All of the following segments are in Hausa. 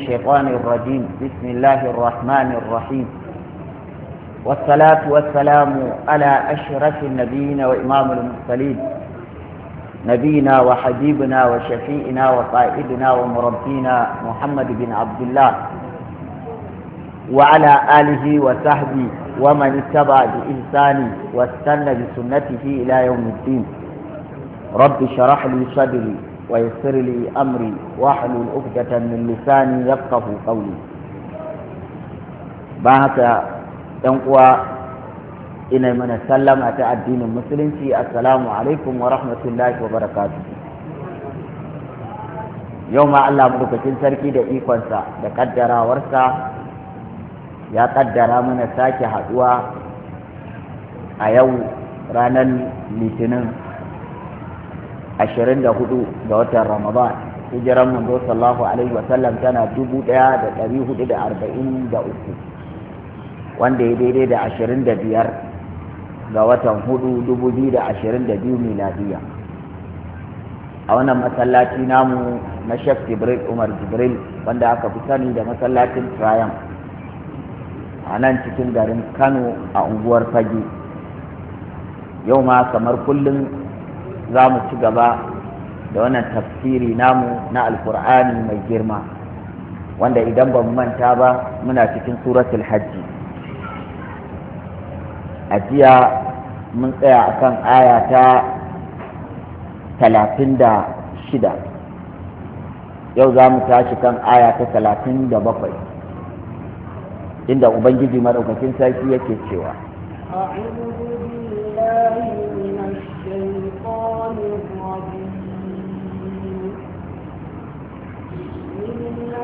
الشيطان الرجيم بسم الله الرحمن الرحيم والصلاة والسلام على أشرف النبيين وإمام المرسلين نبينا وحبيبنا وشفيئنا وقائدنا ومربينا محمد بن عبد الله وعلى آله وصحبه ومن اتبع بإحسان واستنى بسنته إلى يوم الدين رب شرح لي صدري ويسر لي أمري واحلل عقدة من لساني يفقه قولي بعد ينقوى إن من سلم أتى الدين المسلم في السلام عليكم ورحمة الله وبركاته يوم الله مدوكتين سركي دا إيقوانسا دا قدرا ورسا يا قدر من ساكي حدوى أيو رانا لتنم ashirin da hudu ga watan ramadan hijiran manzo sallallahu alaihi wasallam tana dubu daya da dari hudu da arba'in da uku wanda ya daidai da ashirin da biyar ga watan hudu dubu biyu da ashirin da biyu miladiya a wannan masallaci namu na shek jibril umar jibril wanda aka fi sani da masallacin triumph a nan cikin garin kano a unguwar fage yau ma kamar kullum za mu ci gaba da wannan tafsiri namu na alkur'ani mai girma wanda idan ba mu manta ba muna cikin suratul hajji a jiya mun tsaya a kan aya ta talatin yau za mu tashi kan aya ta talatin da bakwai inda ubangiji maɗaukakin sarki yake cewa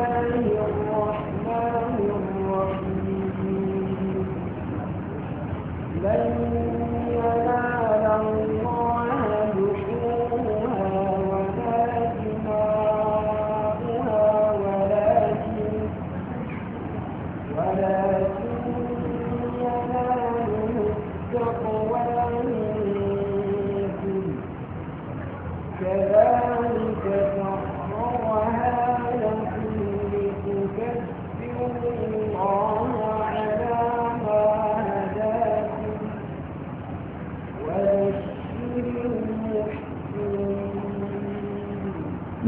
الرحمن الرحيم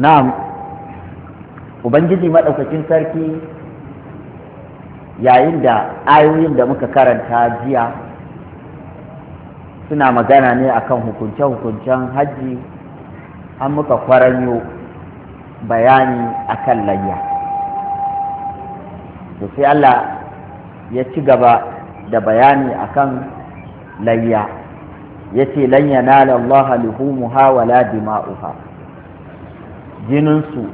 na'am ubangiji maɗaukakin sarki yayin da ayoyin da muka karanta jiya suna magana ne akan hukunce-hukuncen hajji an muka kwaranyo bayani akan layya to sai Allah ya ci gaba da bayani akan layya ya ce lan yanala Allah luhumuha wala dima'uha jininsu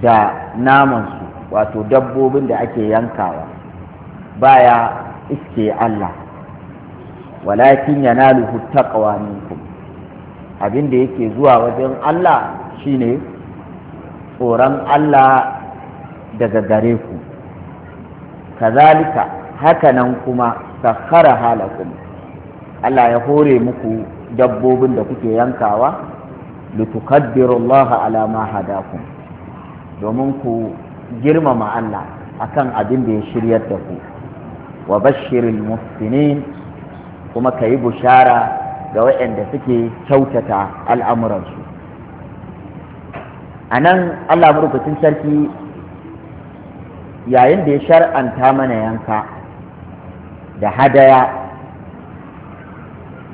da namansu wato dabbobin da ake yankawa baya iske Allah walakin yanaluhu taqwa minkum abin da yake zuwa wajen Allah shine tsoron Allah daga gare ku kazalika hakanan kuma sakhara halakum Allah ya hore muku dabbobin da kuke yankawa litukaddiru Allah ala ma hadakum domin ku girmama Allah akan abin da ya shiryar da ku wa bashirin muhsinin kuma ka yi bushara ga waƴanda suke kyautata al'amuransu a nan Allah murkutun sarki yayin da ya shar'anta mana yanka da hadaya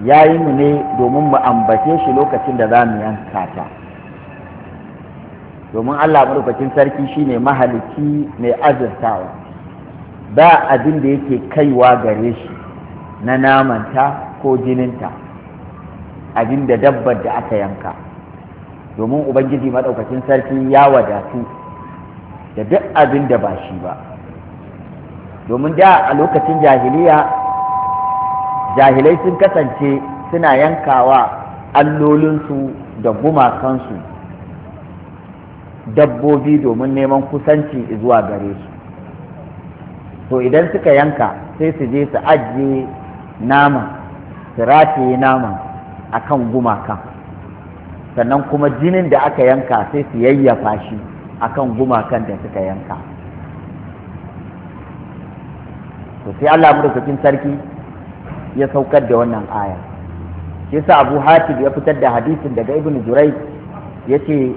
ya yi mu ne domin mu ambace shi lokacin da za mu yanka ta domin allah maɗaukacin sarki shine mahaliki mai azurtawa ba abin da yake kaiwa gare shi na namanta ko jininta abin da dabbar da aka yanka domin ubangiji maɗaukacin sarki ya wadatu da duk abin da ba shi ba domin da a lokacin jahiliya jahilai sun kasance suna yankawa allolinsu da gumakansu dabbobi domin neman kusanci zuwa gare su to idan suka yanka sai su je su ajiye nama su rataye nama a kan gumakan sannan kuma jinin da aka yanka sai su yayyafa shi a kan gumakan da suka yanka to sai allah mu sarki ya saukar da wannan aya yasa abu hatib ya fitar da hadisin daga ibn jurai ya ce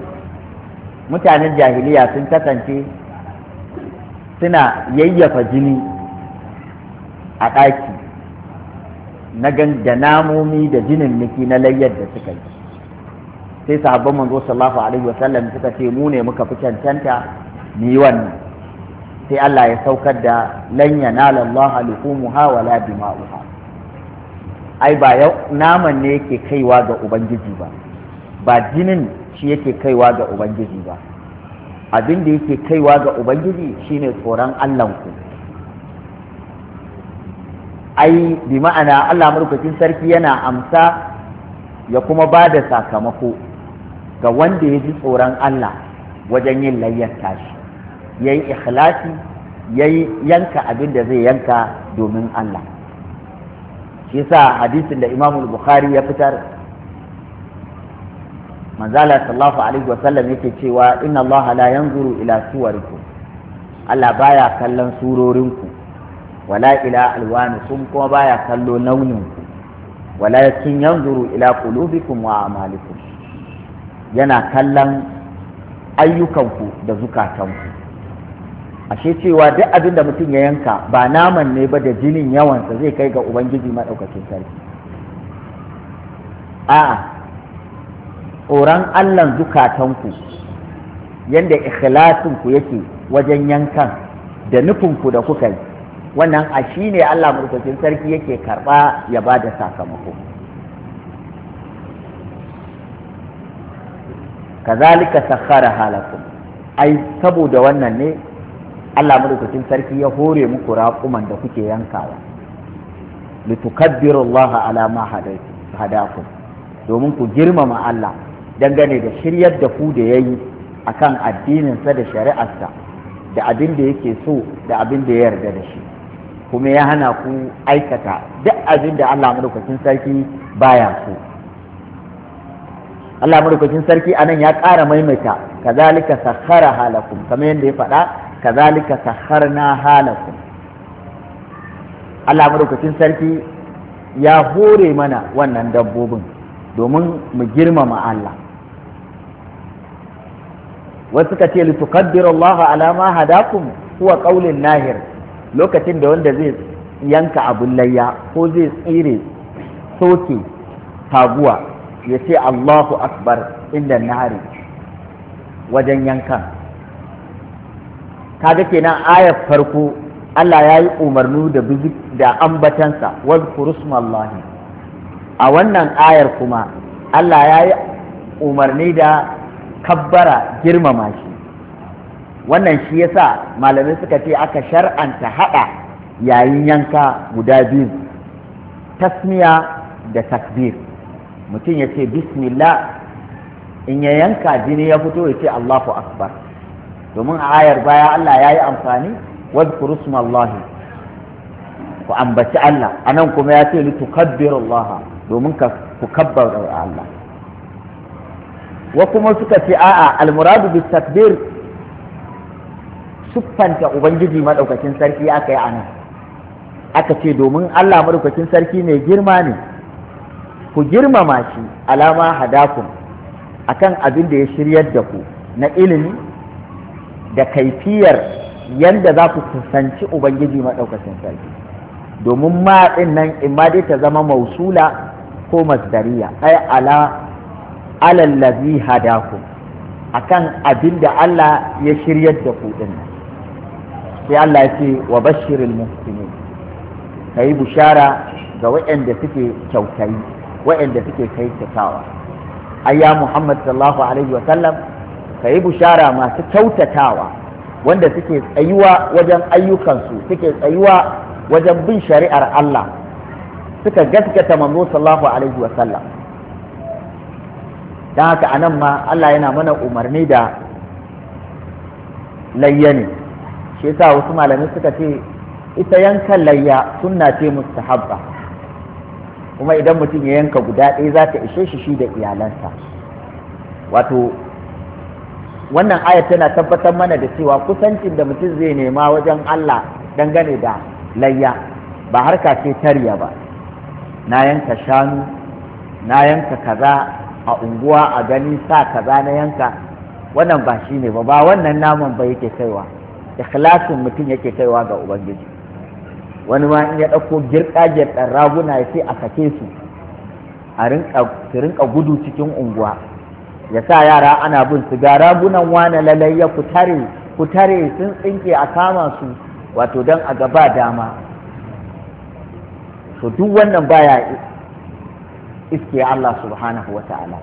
mutanen jahiliya sun kasance suna yayyafa jini a ɗaki na da namomi da jinin niki na layyar da suka yi sai sahabban manzo sallallahu alaihi sallam suka ce mu ne muka fi cancanta mu wannan sai Allah ya saukar da lan yanala Allah luhumuha wala dima'uha ai ba yau naman ne yake kaiwa ga ubangiji ba ba jinin shi yake kaiwa ga ubangiji ba abin da yake kaiwa ga ubangiji shine tsoron allahnku ai bi ma'ana allah murkucin sarki yana amsa ya kuma ba da sakamako ga wanda ya ji tsoron allah wajen yin layyar tashi ya yi ikhlasi ya yanka abin da zai yanka domin allah shi yasa hadisin da Imam Bukhari ya fitar manzala sallallahu alaihi wa sallam yake cewa inna Allah la yanzuru ila suwarikum Allah baya kallon surorinku wala ila sun kuma baya kallo nauninku walakin yanzuru ila qulubikum wa amalikum yana kallon ayyukanku da zukatanku ashe cewa duk abin da mutum ya yanka ba naman ne ba da jinin yawansa zai kai ga ubangiji maɗaukakin sarki a'a tsoron allan zukatanku yadda ikhlasinku yake wajen yankan da nufinku da kuka yi wannan a shi ne allah maɗaukakin sarki yake karɓa ya ba da sakamako kazalika sakhara halakum ai saboda wannan ne Allah madaukakin sarki ya hore muku raƙuman da kuke yankawa litukabbirullaha ala ma hadakum domin ku girmama Allah dangane da shiryar da ku da yayi akan addininsa da shari'arsa da abin da yake so da abin da ya yarda da shi kuma ya hana ku aikata duk abin da Allah madaukakin sarki baya so Allah madaukakin sarki anan ya ƙara maimaita kazalika sakhara halakum kamar yadda ya faɗa kazalika sakharna halakum Allah madaukakin sarki ya hore mana wannan dabbobin domin mu girmama Allah wasu ka ce litukaddiru Allah ala ma hadakum huwa qaulin nahir lokacin da wanda zai yanka abun layya ko zai tsire soke taguwa ya ce Allahu akbar inda nahari wajen yankan kaga kenan ayar farko Allah ya yi umarnu da da ambatansa wazkuru smallahi a wannan ayar kuma Allah ya yi umarni da kabbara girmama shi wannan shi yasa malamai suka ce aka shar'anta haɗa yayin yanka guda biyu tasmiya da takbir mutum ya ce bismillah in ya yanka jini ya fito ya ce allahu akbar domin a ayar baya Allah ya yi amfani wadkuru smallahi ku ambaci Allah a nan kuma ya ce ni tukabbiru Allah domin ka ku kabbar Allah wa kuma suka ce a'a almuradu bis takbir siffanta ubangiji madaukakin sarki aka yi a nan aka ce domin Allah madaukakin sarki mai girma ne ku girmama shi alama hadakun akan abin da ya shiryar da ku na ilimi da kaifiyar yadda za ku kusanci ubangiji maɗaukacin sarki domin matsin nan imma dai ta zama mausula ko masdariya ai ala alallazi hadaku akan abin da Allah ya shiryar da ku nan sai Allah ya ce wa bashiril muhsinin kai bushara ga waɗanda suke kyautayi waɗanda suke kai kyautawa ayya Muhammad sallallahu alaihi wa sallam ka yi bushara masu kyautatawa wanda suke tsayuwa wajen ayyukansu suke tsayuwa wajen bin shari'ar Allah suka gaskata manzo sallallahu alaihi sallam don haka a nan ma Allah yana mana umarni da layyani shi yasa wasu malamai suka ce ita yanka layya sunna ce mustahabba kuma idan mutum ya yanka guda ɗaya za ta ishe shi shi da iyalansa wato wannan ayat tana tabbatar mana da cewa kusancin da mutum zai nema wajen Allah dangane da layya ba harka ce tarya ba na yanka shanu na yanka kaza a unguwa a gani sa kaza na yanka wannan ba shi ne ba ba wannan naman ba yake kaiwa ikhlasin mutum yake kaiwa ga ubangiji wani ma in ya ɗauko girka girɗan raguna ya ce a sake su a rinka gudu cikin unguwa ya sa yara ana bin su ga ragunan wane lalai ya kutare kutare sun tsinke a kama su wato don a gaba dama to duk wannan baya iske Allah subhanahu wa ta'ala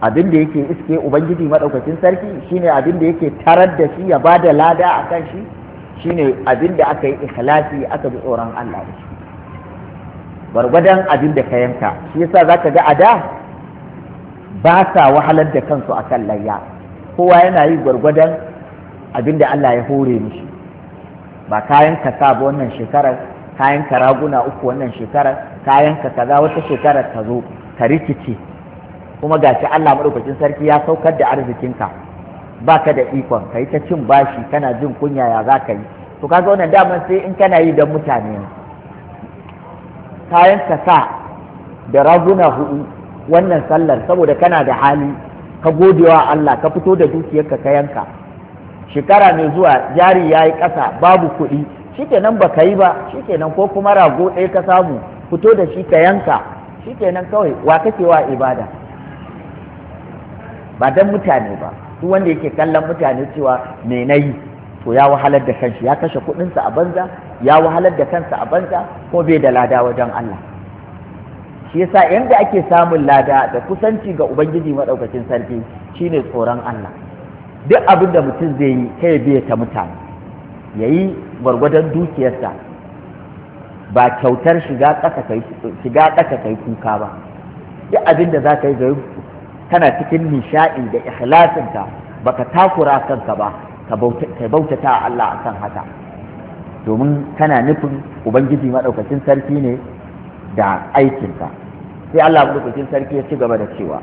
abin da yake iske ubangiji maɗaukacin sarki shine abin da yake tarar da shi ya ba da lada a kan shi shine abin da aka yi ikhlasi aka bi tsoron Allah da shi gwargwadon abin da ka yanka shi yasa zaka ga a da ba sa wahalar da kansu a kan layya kowa yana yi gwargwadon abin da Allah ya hore mishi ba kayan ka sa wannan shekarar kayan ka raguna uku wannan shekarar kayan ka kaza wata shekarar ta zo ka rikice kuma gashi Allah madaukakin sarki ya saukar da arzikinka baka da ikon kai ta cin bashi kana jin kunya ya za ka yi to kaga wannan daman sai in kana yi don mutane kayan ka sa da raguna hudu wannan sallar saboda kana da hali ka gode wa Allah ka fito da dukiyarka ka yanka shekara mai zuwa jari ya yi ƙasa babu kuɗi shikenan ba ka yi ba shikenan ko kuma rago ɗaya ka samu fito da shi ka yanka shikenan kawai wa kake wa ibada ba dan mutane ba duk wanda yake kallon mutane cewa me na yi to ya wahalar da kanshi ya kashe kuɗinsa a banza ya wahalar da kansa a banza ko bai da lada wajen Allah shi yasa yanda ake samun lada da kusanci ga ubangiji maɗaukacin sarki shine tsoron Allah duk abin da mutum zai yi kai biya ta mutane yayi gwargwadon dukiyarsa ba kyautar shiga ƙasa kai shiga ƙasa kai kuka ba duk abin da zaka yi ga kana cikin nishaɗi da ka baka takura kanka ba ka bautata Allah akan haka domin kana nufin ubangiji maɗaukacin sarki ne da aikinka sai Allah madaukakin sarki ya ci gaba da cewa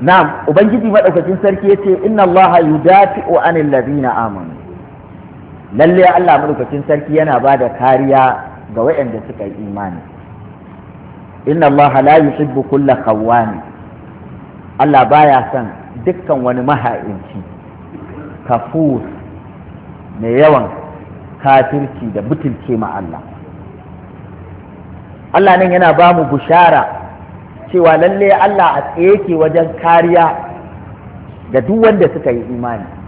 Na'am, Ubangiji maɗaukakin sarki ya ce, Inna Allah yudafi'u anil ladina amanu lalle Allah mulkacin sarki yana ba da kariya ga waɗanda suka yi imani inna Allah la yuhibbu kulla khawani Allah baya son dukkan wani maha'inci kafu mai yawan kafirci da butulce ma Allah Allah nan yana ba mu bushara cewa lalle Allah a tsaye ke wajen kariya ga duk wanda suka yi imani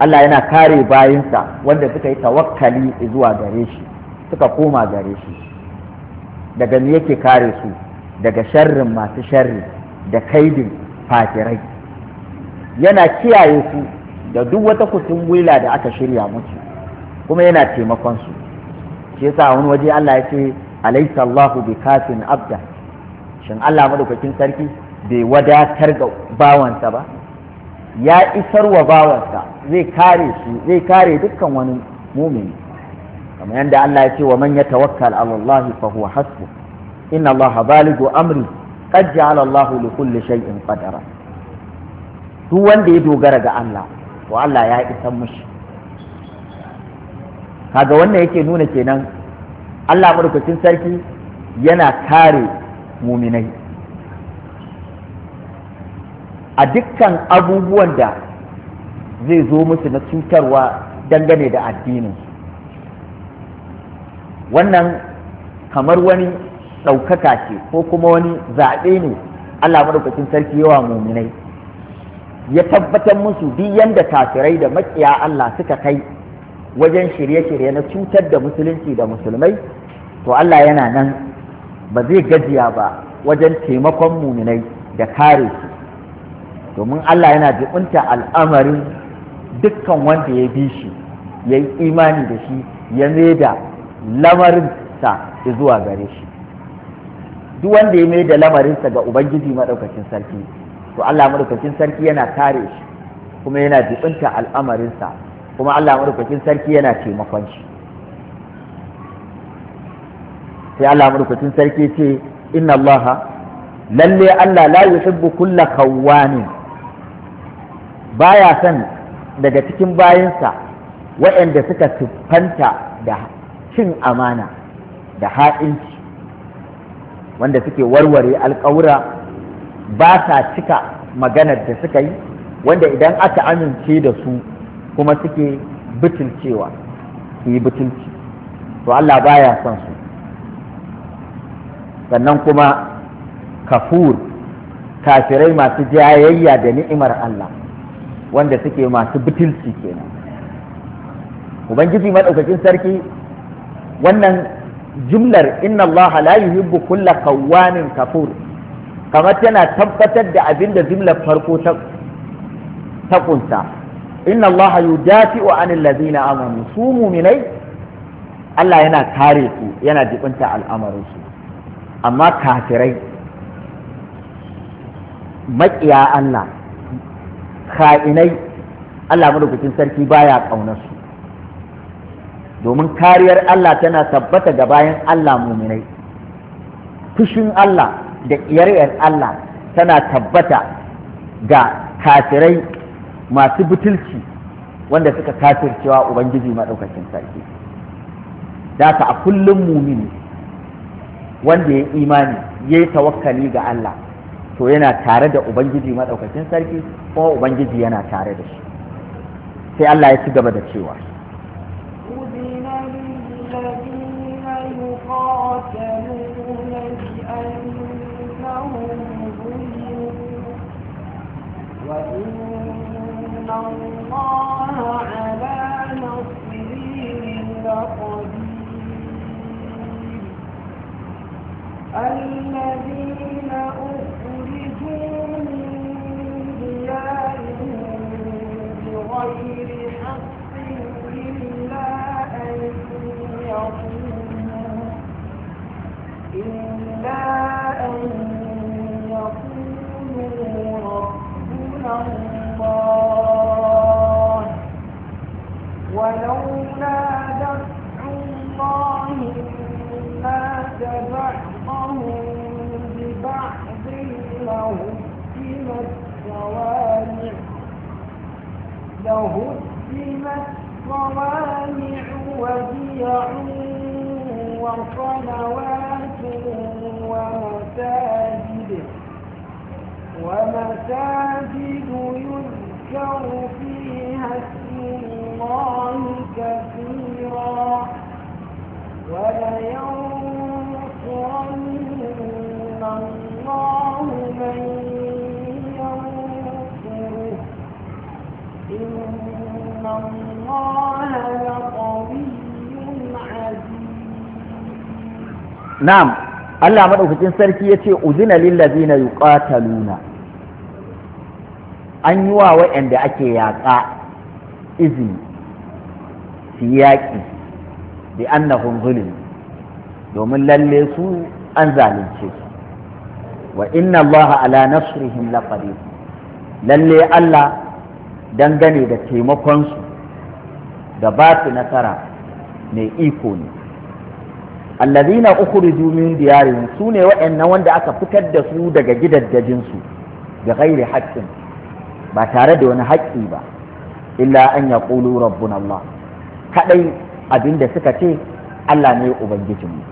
Allah yana kare bayinsa wanda suka yi tawakkali zuwa gare shi suka koma gare shi daga me yake kare su daga sharrin masu sharri da kaidin fakirai yana kiyaye su da duk wata wila da aka shirya musu kuma yana taimakon su shi yasa wani waje Allah ya ce alaysa Allahu bi kafin abda shin Allah madaukakin sarki bai wadatar ga bawansa ba ya isar wa bawansa zai kare shi zai kare dukkan wani mumini kamar yadda Allah ya ce wa man yatawakkal ala Allah fa huwa hasbu inna Allah baligu amri qad ja'ala Allah li kulli shay'in qadara duk wanda ya dogara ga Allah to Allah ya isar mushi kaga wannan yake nuna kenan Allah madaukakin sarki yana kare muminai a dukkan abubuwan da zai zo musu na cutarwa dangane da addinin wannan kamar wani ɗaukaka ce ko kuma wani zaɓe ne Allah madaukakin sarki yawa muminai ya tabbatar musu duk yanda kafirai da makiya Allah suka kai wajen shirye-shirye na cutar da musulunci da musulmai to Allah yana nan ba zai gajiya ba wajen taimakon muminai da kare su domin Allah yana jibinta al'amarin dukkan wanda ya bi shi ya yi imani da shi ya lamarin lamarinsa zuwa gare shi duk wanda ya lamarin lamarinsa ga ubangiji maɗaukacin sarki to Allah maɗaukacin sarki yana kare shi kuma yana jibinta al'amarinsa kuma Allah maɗaukacin sarki yana taimakon shi sai Allah maɗaukacin sarki ce inna Allah lalle Allah la yuhibbu kulla khawwanin baya son daga cikin bayansa waɗanda suka siffanta da cin amana da ha'inci wanda suke warware alƙawura ba sa cika maganar da suka yi wanda idan aka amince da su kuma suke bitilcewa su yi butulci to Allah baya son su sannan kuma kafur kafirai masu jayayya da ni'imar Allah wanda suke masu butulci kenan ubangiji madaukakin sarki wannan jumlar inna allaha la yuhibbu kulla kawwanin kafur kamar tana tabbatar da abin da farko ta kunsa inna allaha yudafi'u anil ladina amanu su muminai Allah yana kare su yana jibinta al'amarin su amma kafirai maƙiya Allah Ka'inai Allah madaukakin sarki baya ƙaunar su domin kariyar Allah tana tabbata ga bayan Allah muminai fushin Allah da ƙiyayyar Allah tana tabbata ga kafirai masu butulci wanda suka kafircewa Ubangiji maɗaukacin sarki Daka a kullum mumini wanda ya imani ya yi tawakkali ga Allah to yana tare da ubangiji madaukakin sarki ko ubangiji yana tare da shi sai Allah ya ci gaba da cewa وإن الذين من بغير حق إلا أن يقولوا الله ولو صوامع لهدمت صوامع وبيع وصلوات ومساجد ومساجد يذكر فيها اسم الله كثيرا وليوم na'am Allah maɗaukacin sarki ya ce uzina lillazina yuqataluna an yi wa wayanda ake yaƙa izini su yaƙi da annahun zulm domin lalle su an zalunce su wa inna Allah ala nasrihim laqadir lalle Allah dangane da taimakonsu da ba su nasara mai iko ne allazina ukhriju min diyarihim sune waɗannan wanda aka fitar da su daga gidajjajinsu ga ghairi haƙƙin ba tare da wani haƙƙi ba illa an yaqulu rabbuna Allah kadai abinda suka ce Allah ne ubangijinmu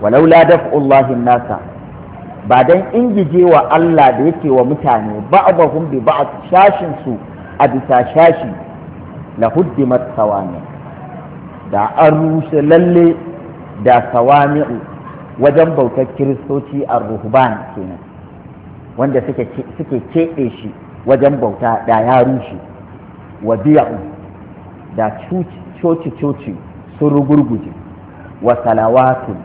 walaula daf'ullahi nasa ba dan wa Allah da yake wa mutane ba'dahum bi ba'd shashin su a bisa shashi la huddimat sawami da an rushe lalle da sawami wajen bautar kiristoci a ruhban kenan wanda suke keɓe shi wajen bauta da ya rushe wa biya'u da coci-coci sun rugurguje wa salawatu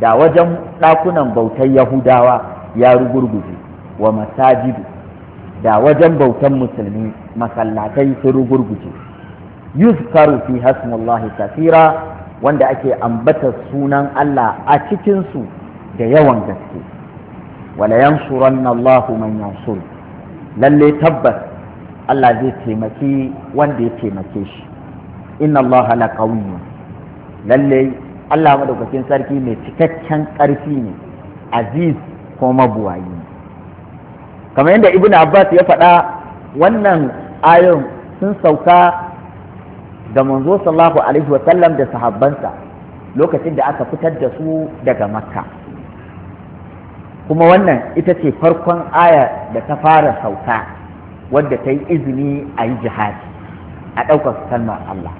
da wajen ɗakunan bautar yahudawa ya rugurguje wa masajidu da wajen bautar musulmi masallatai sun rugurguje yuzkaru fi hasmullahi kafira wanda ake ambata sunan Allah a cikinsu da yawan gaske wala yansuranna Allahu man yansur lalle tabbas Allah zai taimaki wanda ya taimake shi inna Allah la qawiyyun lalle Allah madaukakin sarki mai cikakken ƙarfi ne aziz ko mabuwayi kamar yadda ibnu abbas ya faɗa wannan ayon sun sauka da manzo sallallahu alaihi wa sallam da sahabbansa lokacin da aka fitar da su daga makka kuma wannan ita ce farkon aya da ta fara sauka wadda ta yi izini a yi jihadi a ɗaukar kalmar Allah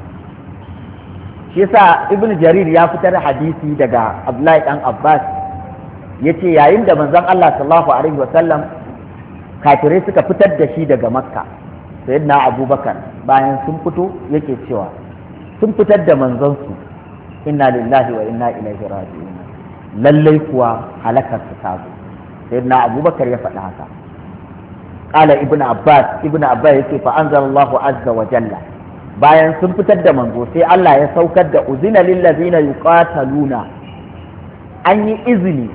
shi yasa ibn jarir ya fitar hadisi daga abdullahi dan abbas ya ce yayin da manzon Allah sallallahu alaihi Wa sallam kafirai suka fitar da shi daga makka sayyidina abubakar bayan sun fito yake cewa sun fitar da manzansu inna lillahi wa inna ilaihi raji'un lallai kuwa halakar su ta zo sayyidina abubakar ya faɗi haka qala ibnu abbas ibnu abbas yake fa anzalallahu azza wa jalla bayan sun fitar da manzo sai Allah ya saukar da uzina lillazina yuqataluna an yi izini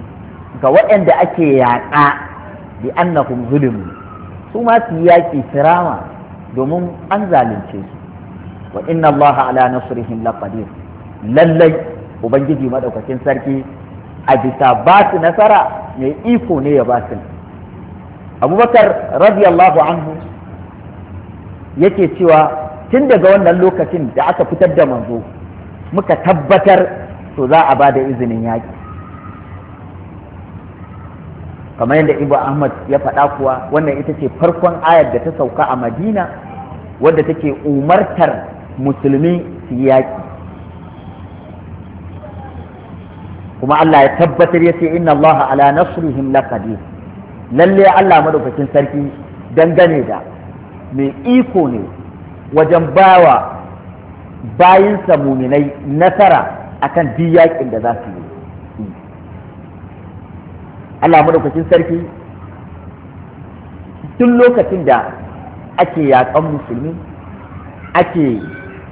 ga waɗanda ake yaƙa bi annahum zulmu su ma su yaƙi firama domin an zalunce su wa inna allaha ala nasrihim laqadir lallai ubangiji madaukakin sarki a bisa ba su nasara mai iko ne ya ba su abubakar radiyallahu anhu yake cewa tun daga wannan lokacin da aka fitar da manzo muka tabbatar to za a ba da izinin yaƙi kamar yadda ibu ahmad ya faɗa kuwa wannan ita ce farkon ayar da ta sauka a madina wadda take umartar musulmi su yaƙi kuma allah ya tabbatar ya ce inna allaha ala nasrihim lakadi lalle allah madaukakin sarki dangane da mai iko ne wajen bawa bayinsa muminai nasara akan duk yaƙin da za su yi Allah madaukakin sarki duk lokacin da ake yaƙan musulmi ake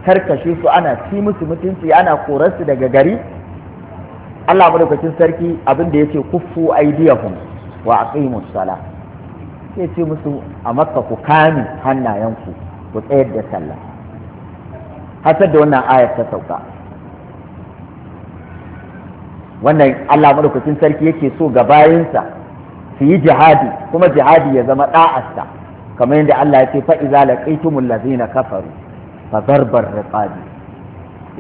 karkashe su ana ci musu mutunci ana korarsu daga gari Allah madaukakin sarki abin da yace kuffu aidiyahum wa aqimus sala sai ce musu a makka ku kame hannayenku ku tsayar da sallah hasar da wannan ayar ta sauka wannan Allah madaukakin sarki yake so ga bayinsa su yi jihadi kuma jihadi ya zama da'asta kamar yadda Allah ya ce fa idza laqaytumul ladzina kafaru fa darbar riqabi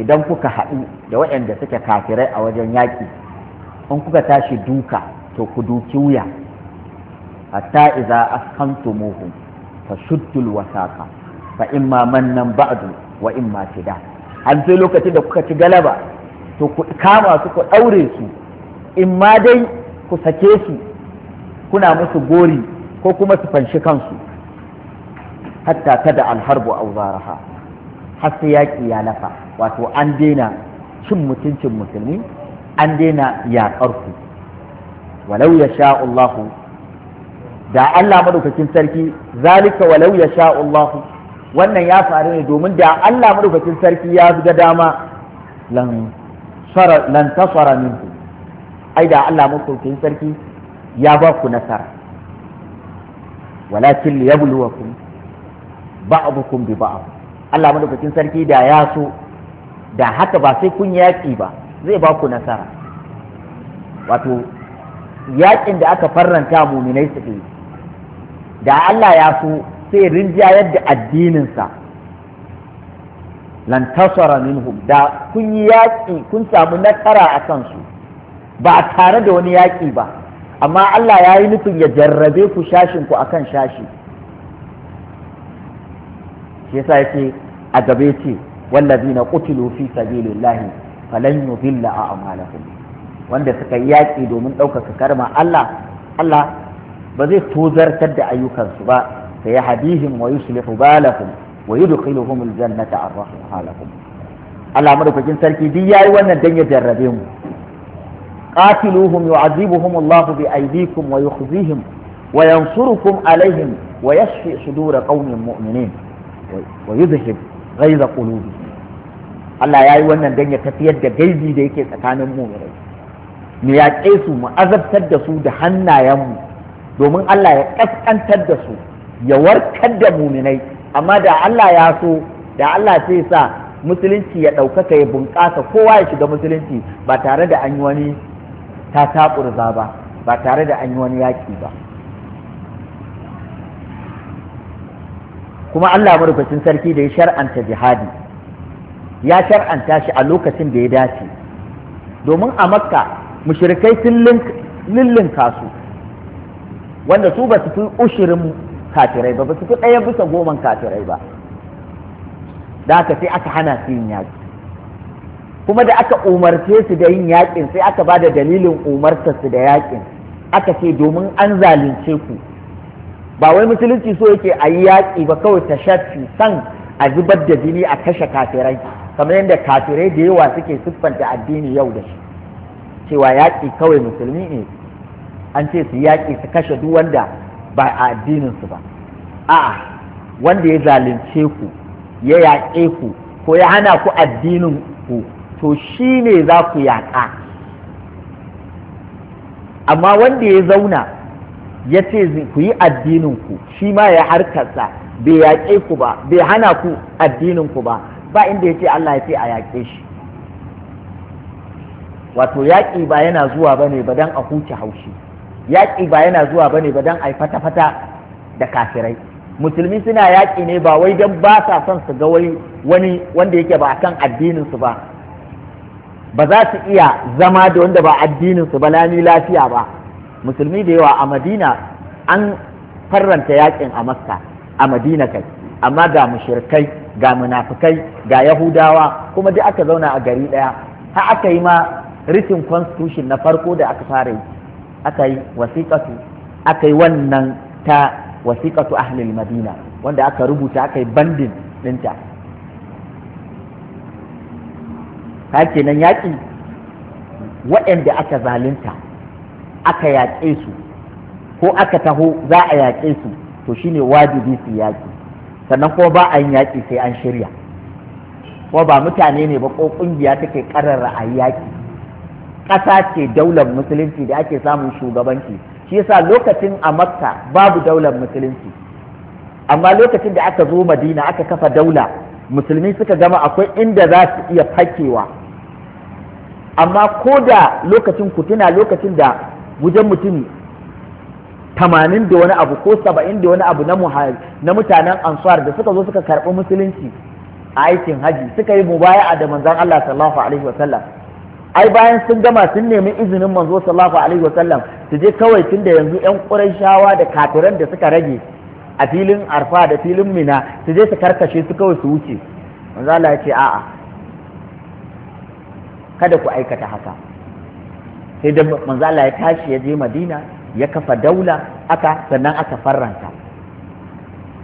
idan kuka haɗu da waɗanda suke kafirai a wajen yaƙi in kuka tashi duka to ku duki wuya hatta idza askantumuhum fashuddul wasaqa fa imma mannan ba'du wa imma fida an sai lokacin da kuka ci galaba to ku kama su ku ɗaure su in ma dai ku sake su kuna musu gori ko kuma su fanshi kansu hatta ta da alharbu au zaraha har sai yaƙi ya lafa wato an daina cin mutuncin musulmi an daina yaƙar ku walau ya sha'ullahu da Allah madaukakin sarki zalika walau ya sha'ullahu wannan ya faru ne domin da Allah madaukakin sarki ya ga dama lan lantasara minku ai da Allah maɗaukakin sarki ya ba ku nasara walakin liyabluwakum ba'dukum bi ba'd Allah maɗaukakin sarki da ya so da haka ba sai kun yaƙi ba zai ba ku nasara wato yaƙin da aka farranta muminai su da Allah ya so sai rinjayar da addininsa lantasara minhum da kun yi yaƙi kun samu nasara a kansu ba tare da wani yaƙi ba amma Allah ya yi nufin ya jarrabe ku shashin ku akan shashi shi yasa yake a gabe ce wallazina qutilu fi sabilillahi falan yudilla a'malahum wanda suka yi yaƙi domin ɗaukaka karma Allah Allah ba zai tozartar da ayyukansu ba sai hadihim wa yuslihu balahum wa yudkhiluhum aljannata arrafa lahum Allah madaukakin sarki duk yi wannan dan ya jarrabe mu qatiluhum yu'adhibuhum Allahu bi aydikum wa yukhzihim wa yansurukum alaihim wa yashfi sudura qaumin mu'minin wa yudhhib ghaiza qulubihim Allah yayi wannan dan ya tafiyar da gaizi da yake tsakanin mu'minai mu yaƙe su mu azabtar da su da hannayen mu. domin Allah ya ƙasƙantar da su ya warkar da muminai amma da Allah ya so da Allah sai sa musulunci ya ɗaukaka ya bunƙasa kowa ya shiga musulunci ba tare da an yi wani ta taƙurza ba ba tare da an yi wani yaƙi ba kuma Allah marukacin sarki da ya shar'anta jihadi ya shar'anta shi a lokacin da ya dace domin a makka mushrikai sun lillinka su wanda su ba su fi ushirin kafirai ba ba fi ɗaya bisa goman kafirai ba da aka sai aka hana su yin yaƙi kuma da aka umarce su da yin yaƙin sai aka ba da dalilin umarta su da yaƙin aka ce domin an zalunce ku ba wai musulunci so yake a yi yaƙi ba kawai ta shafi san a zubar da jini a kashe kafirai kamar yadda kafirai da yawa suke siffanta addini yau da shi cewa yaƙi kawai musulmi ne an ce su yaƙi su kashe duk wanda ba a addininsu ba a'a wanda ya zalunce ku ya yaƙe ku ko ya hana ku addinin ku to shi ne za ku yaƙa amma wanda ya zauna ya ce ku yi addinin ku shi ma ya harkarsa bai yaƙe ku ba bai hana ku addininku ba ba inda ya ce Allah ya ce a yaƙe shi wato yaƙi ba yana zuwa ba ne ba don a huce haushi yaƙi ba yana zuwa bane ba don a fata-fata da kafirai musulmi suna yaƙi ne ba wai don ba sa son su ga wani wanda yake ba akan addinin su ba ba za su iya zama da wanda ba addinin su ba lami lafiya ba musulmi da yawa a madina an farranta yaƙin a makka a madina kai amma ga mushirkai ga munafukai ga yahudawa kuma duk aka zauna a gari ɗaya har aka yi ma rikin constitution na farko da aka fara yi aka yi wasiƙatu aka yi wannan ta wasiƙatu ahlil madina wanda aka rubuta aka yi bandin ɗinta ta kenan yaƙi waɗanda aka zalunta aka yaƙe su ko aka taho za a yaƙe su to shine wajibi su yaƙi sannan ko ba a yin yaƙi sai an shirya ko ba mutane ne ba ko ƙungiya take ƙararra a yaƙi ƙasa ce daular musulunci da ake samun shugabanci shi yasa lokacin a makka babu daular musulunci amma lokacin da aka zo madina aka kafa daula musulmi suka gama akwai inda za su iya fakewa amma ko da lokacin kutuna lokacin da wajen mutum tamanin da wani abu ko saba'in da wani abu na mutanen ansuwar da suka zo suka karɓi musulunci a aikin haji suka yi mubaya'a da manzon Allah sallallahu alaihi wasallam ai bayan sun gama sun nemi izinin manzo sallallahu alaihi wasallam su je kawai tun da yanzu yan ƙurayshawa da kafiran da suka rage a filin arfa da filin mina su je su karkashe su kawai su wuce manzo Allah ya ce a'a kada ku aikata haka sai da manzo Allah ya tashi ya je Madina ya kafa daula aka sannan aka farranta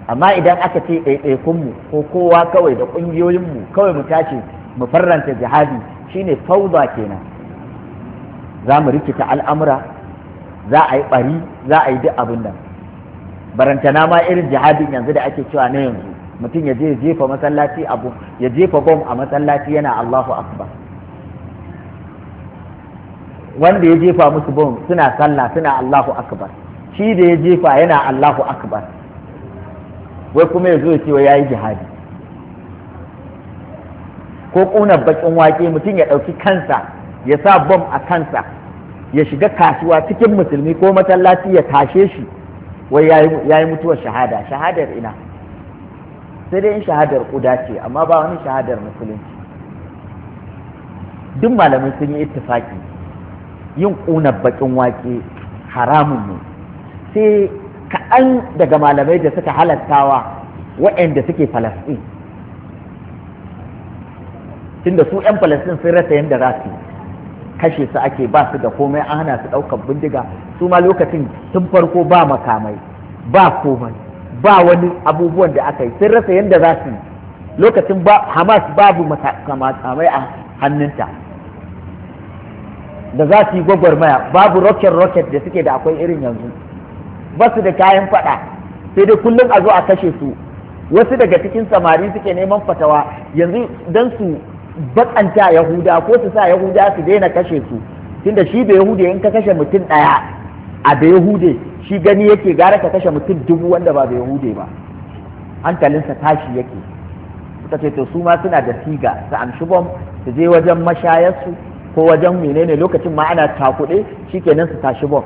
amma idan aka ce ɗaiɗaikunmu ko kowa kawai da ƙungiyoyinmu kawai mu tashi mu farranta jihadi shine fauda kenan za mu rikita al'amura za a yi bari za a yi duk abin nan barantana ma irin jihadin yanzu da ake cewa na yanzu mutum ya je ya jefa masallaci abu ya jefa bom a masallaci yana Allahu akbar wanda ya jefa musu bom suna sallah suna Allahu akbar shi da ya jefa yana Allahu akbar wai kuma ya zo ya ce ya yi jihadi ko ƙunar baƙin wake mutum ya ɗauki kansa ya sa bom a kansa ya shiga kasuwa cikin musulmi ko masallaci ya tashe shi wai ya yi mutuwar shahada shahadar ina sai dai in shahadar kuda ce amma ba wani shahadar musulunci duk malamai sun yi ittifaki yin ƙunar baƙin wake haramun ne sai kaɗan daga malamai da suka halattawa waɗanda suke falastin. tunda su 'yan falastin sun rasa yadda za su kashe su ake ba su da komai an hana su ɗaukar bindiga su ma lokacin tun farko ba makamai ba komai ba wani abubuwan da aka yi sun rasa yadda za su lokacin ba hamas babu makamai a hannunta da za su yi gwagwarmaya babu rocket rocket da suke da akwai irin yanzu ba su da kayan faɗa sai dai kullum a zo a kashe su wasu daga cikin samari suke neman fatawa yanzu don su bakanta yahuda ko su sa yahuda su daina kashe su tunda shi bai yahude in ka kashe mutum ɗaya a bai yahude shi gani yake gara ka kashe mutum dubu wanda ba bai yahude ba hankalinsa tashi yake suka ce to su ma suna da siga su amshi bom su je wajen mashayarsu ko wajen menene lokacin ma ana takuɗe shikenan su tashi bom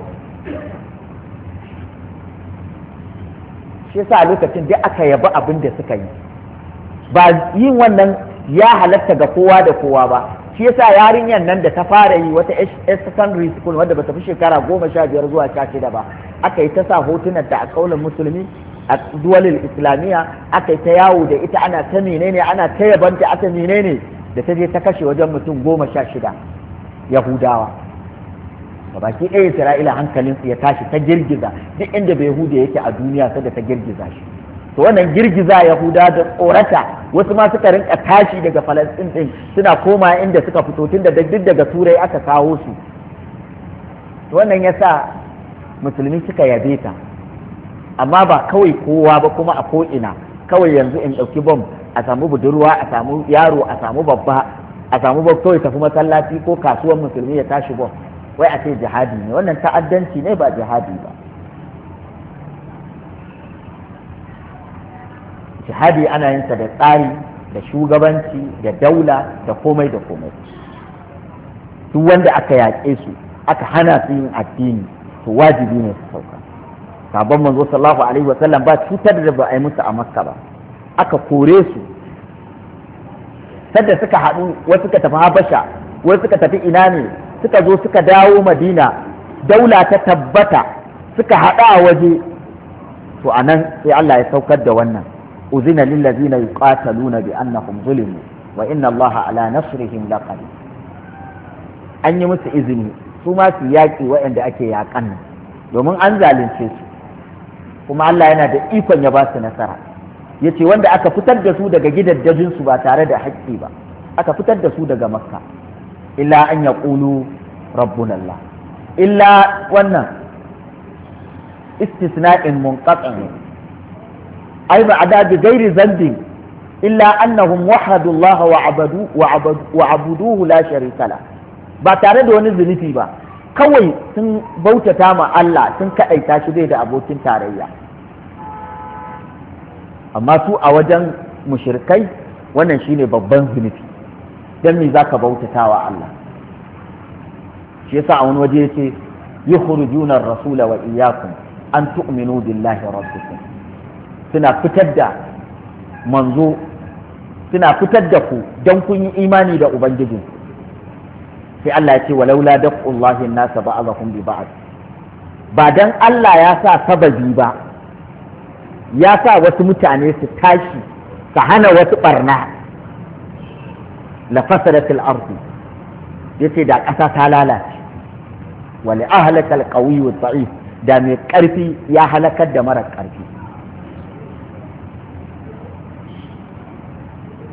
shi sa lokacin dai aka yaba abin da suka yi ba yin wannan ya halatta ga kowa da kowa ba shi yasa yarinyar nan da ta fara yi wata secondary school wadda bata fi shekara goma sha biyar zuwa sha shida ba aka yi ta sa hotunan da a kaulin musulmi a duwalin islamiyya aka yi ta yawo da ita ana ta menene ana ta yabanta aka menene da ta je ta kashe wajen mutum goma sha shida yahudawa ba baki ɗaya isra'ila hankalinsu ya tashi ta girgiza duk inda bai hude yake a duniya sai da ta girgiza shi to wannan girgiza yahuda da tsorata wasu ma suka rinka tashi daga falastin din suna koma inda suka fito tun da duk daga turai aka kawo su wannan ya sa musulmi suka yabe ta amma ba kawai kowa ba kuma a ko'ina kawai yanzu in ɗauki bom a samu budurwa a samu yaro a samu babba a samu bom kawai tafi masallaci ko kasuwar musulmi ya tashi bom wai a ce jihadi ne wannan ta'addanci ne ba jihadi ba jihadi ana yin sa da tsari da shugabanci da daula da komai da komai duk wanda aka yaƙe su aka hana su yin addini to wajibi ne su sauka sabon manzo sallallahu alaihi wasallam ba cutar da ba a yi musu a makka ba aka kore su sadda suka haɗu wasu suka tafi habasha wasu suka tafi ina ne suka zo suka dawo madina daula ta tabbata suka haɗu a waje to anan sai Allah ya saukar da wannan أذن للذين يقاتلون بأنهم ظلموا وإن الله على نصرهم لقدير أن يمس إذني ثم سياكي وإن دأكي يقن domin an zalunce su kuma Allah yana da ikon ya basu nasara yace wanda aka fitar da su daga gidaddajinsu ba tare da haƙƙi ba aka fitar da su daga makka illa an ya ƙulu rabbunallah illa wannan istisna'in munqati' ai ma'ana bi gairi zambin illa annahu wahadu wa abadu wa abuduhu la sharika ba tare da wani zunubi ba kawai sun bautata ma Allah tun kaɗaita shi bai da abokin tarayya amma su a wajen mushirkai wannan shine babban zunubi dan me zaka bautatawa wa Allah shi yasa a wani waje yace yukhrujuna ar-rasula wa iyyakum an tu'minu billahi rabbikum suna fitar da manzo suna fitar da ku don kun yi imani da ubangiji sai Allah ya ce walaula daqullahi nasa ba'dhum bi ba'd ba dan Allah ya sa sababi ba ya sa wasu mutane su tashi su hana wasu barna la fasadatil ardi yace da ƙasa ta lalace wa li ahlakal qawiyyu da'if da mai ƙarfi ya halakar da mara ƙarfi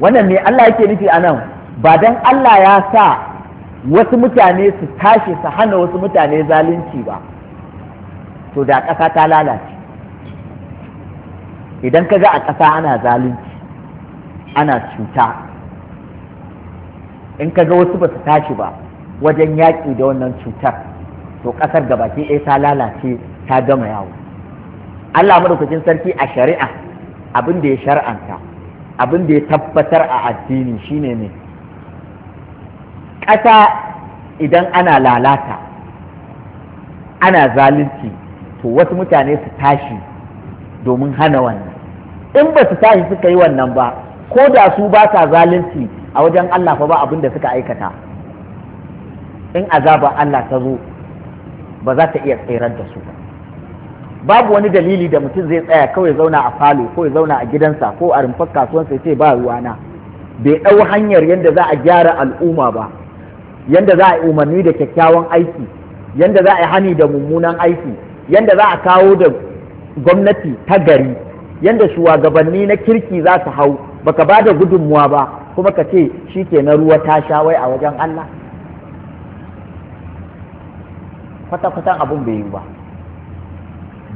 wannan ne Allah yake nufi a nan ba don Allah ya sa wasu mutane su tashi su hana wasu mutane zalunci ba to da ƙasa ta lalace idan ka ga a ƙasa ana zalunci ana cuta in ka ga wasu ba su tashi ba wajen yaƙi da wannan cutar to ƙasar baki ɗaya ta lalace ta gama yawo Allah madaukakin sarki a shari'a abin da ya shar'anta abin da ya tabbatar a addini shine ne ƙasa idan ana lalata ana zalunci to wasu mutane su tashi domin hana wannan in ba su tashi suka yi wannan ba ko da su ba sa zalunci a wajen Allah fa ba abin da suka aikata in azaba Allah ta zo ba za ta iya tsirar da su ba babu wani dalili da mutum zai tsaya kawai zauna a falo ko ya zauna a gidansa ko a rumfar kasuwansa sai ba ruwa na? bai ɗau hanyar yadda za a gyara al'umma ba yadda za a yi umarni da kyakkyawan aiki yadda za a yi hani da mummunan aiki yadda za a kawo da gwamnati ta gari yadda shugabanni na kirki za su hau baka ba da gudunmuwa ba kuma ka ce shi ke na ruwa ta sha wai a wajen Allah kwata-kwatan abin bai yi ba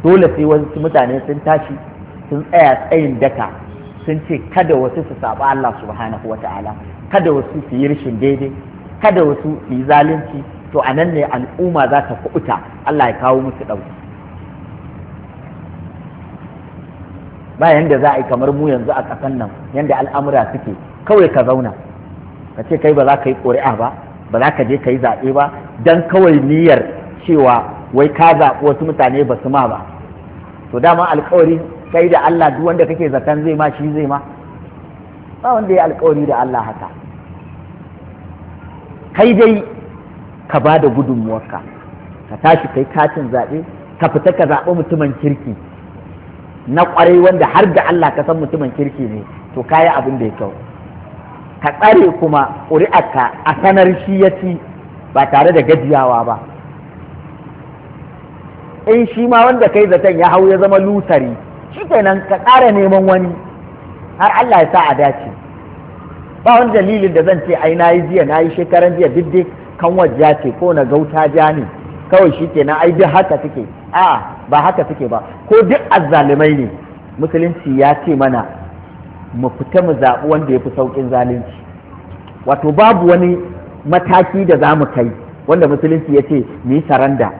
dole sai wasu mutane sun tashi sun tsaya tsayin daka sun ce kada wasu su saba Allah subhanahu ta'ala kada wasu su yi rashin daidai kada wasu su yi zalunci to a nan ne al'umma za ta kubuta Allah ya kawo musu ɗauki bayan da za a yi kamar mu yanzu a ƙasan nan yanda al'amura suke kawai ka zauna ka ce kai ba za ka yi ƙuri'a ba ba za ka je ka yi zaɓe ba don kawai niyyar cewa wai ka zaɓi wasu mutane ba su ma ba to dama alkawari kai da Allah duk wanda kake zaton zai ma shi zai ma ba wanda ya alkawari da Allah haka kai dai ka ba da gudunmuwarka ka tashi kai katin zaɓe ka fita ka zaɓi mutumin kirki na ƙwarai wanda har da Allah ka san mutumin kirki ne to kayi abin da ya kyau ka tsare kuma ƙuri'arka a sanar shi ya ci ba tare da gajiyawa ba in shi ma wanda kai zaton ya hau ya zama lusari shi kenan ka ƙara neman wani har Allah ya sa a dace ba wani dalilin da zan ce ai na yi jiya na yi shekaran jiya diddi kan wajja ce ko na gauta ja ne kawai shi kenan ai duk haka suke a ba haka suke ba ko duk azzalumai ne musulunci ya ce mana mu fita mu zaɓi wanda ya fi sauƙin zalunci wato babu wani mataki da za mu kai wanda musulunci ya ce mu saranda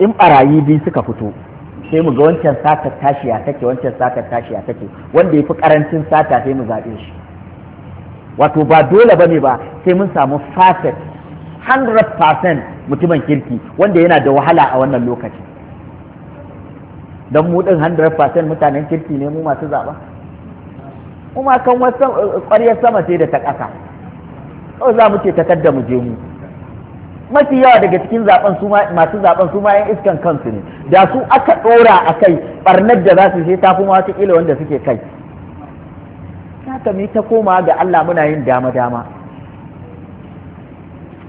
in barayi biyu suka fito sai mu ga wancan satar tashi ya take wancan satar tashi ya take wanda ya fi karancin sata sai mu zaɓe shi wato ba dole ba ne ba sai mun samu facet 100% mutumin kirki wanda yana da wahala a wannan lokaci don mu ɗin 100% mutanen kirki ne mu masu zaɓa kuma kan wasu ƙwaryar sama sai da ta ƙasa za mu ce takardar mu je mu mafi yawa daga cikin zaben su masu zaben su ma yan iskan kansu ne da su aka dora a kai barnar da za su sai ta kuma wata kila wanda suke kai ta mu ta koma ga Allah muna yin dama dama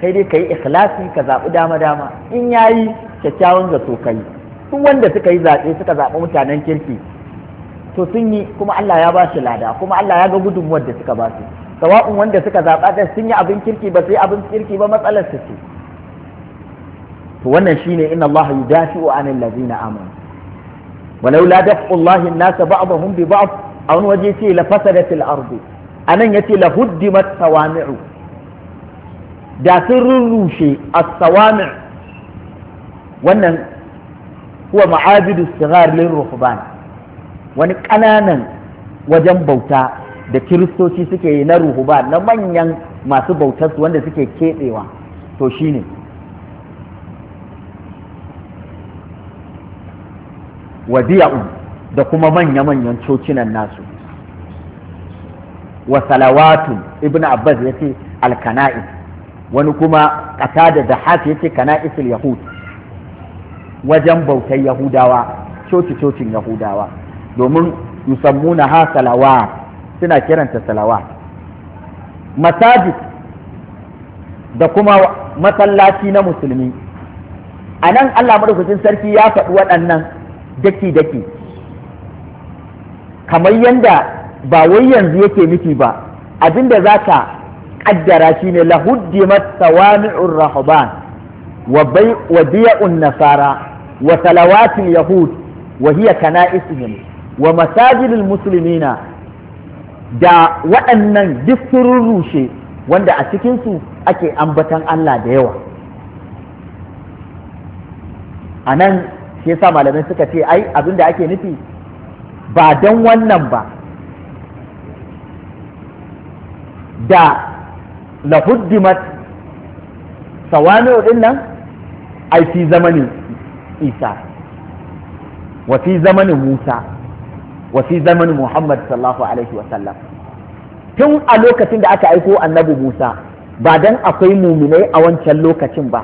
kai dai kai ikhlasi ka zaɓi dama dama in yayi kyakkyawan zato kai duk wanda suka yi zabe suka zaɓi mutanen kirki to sun yi kuma Allah ya ba shi lada kuma Allah ya ga gudunmuwar da suka ba su sawa'un wanda suka zaɓa da sun yi abin kirki ba sai abin kirki ba matsalar su ce to wannan shine inna Allah yudafi'u 'anil ladina amanu walau la daf'u Allah an-nasa ba'dahum bi ba'd a wani waje ce la fasadatil ardu anan yace la huddimat sawami'u da sun rurrushe as-sawami' wannan huwa ma'abidu sigar lil ruhban wani kananan wajen bauta da kiristoci suke yi na ruhuban na manyan masu bautarsu wanda suke keɓewa to shine wa da kuma manya-manyan cocinan nasu wa salawatun ibn abbas ya ce alkana'is wani kuma ƙasa da Dahas ya ce kana'isul yahud wajen bautar yahudawa coci-cocin yahudawa domin yusammuna ha salawa suna kiranta salawa masajid da kuma masallaci na musulmi a nan allah madaukakin sarki ya faɗi waɗannan daki daki kamar yanda ba wai yanzu yake miki ba abinda za ka kaddara shine lahuddimat sawami'ur rahban wa bai wa diya'un nasara wa salawatil yahud wa hiya kana'isihim wa masajidil Musulmina? da waɗannan duk rushe wanda a cikinsu ake ambatan Allah da yawa a nan shi yasa malamai suka ce ai abin da ake nufi ba don wannan ba da lahuddimat sawami'u din nan ai fi zamanin isa wa fi zamanin musa wa fi zamanin muhammad sallallahu alaihi wa tun a lokacin da aka aiko annabi musa ba don akwai muminai a wancan lokacin ba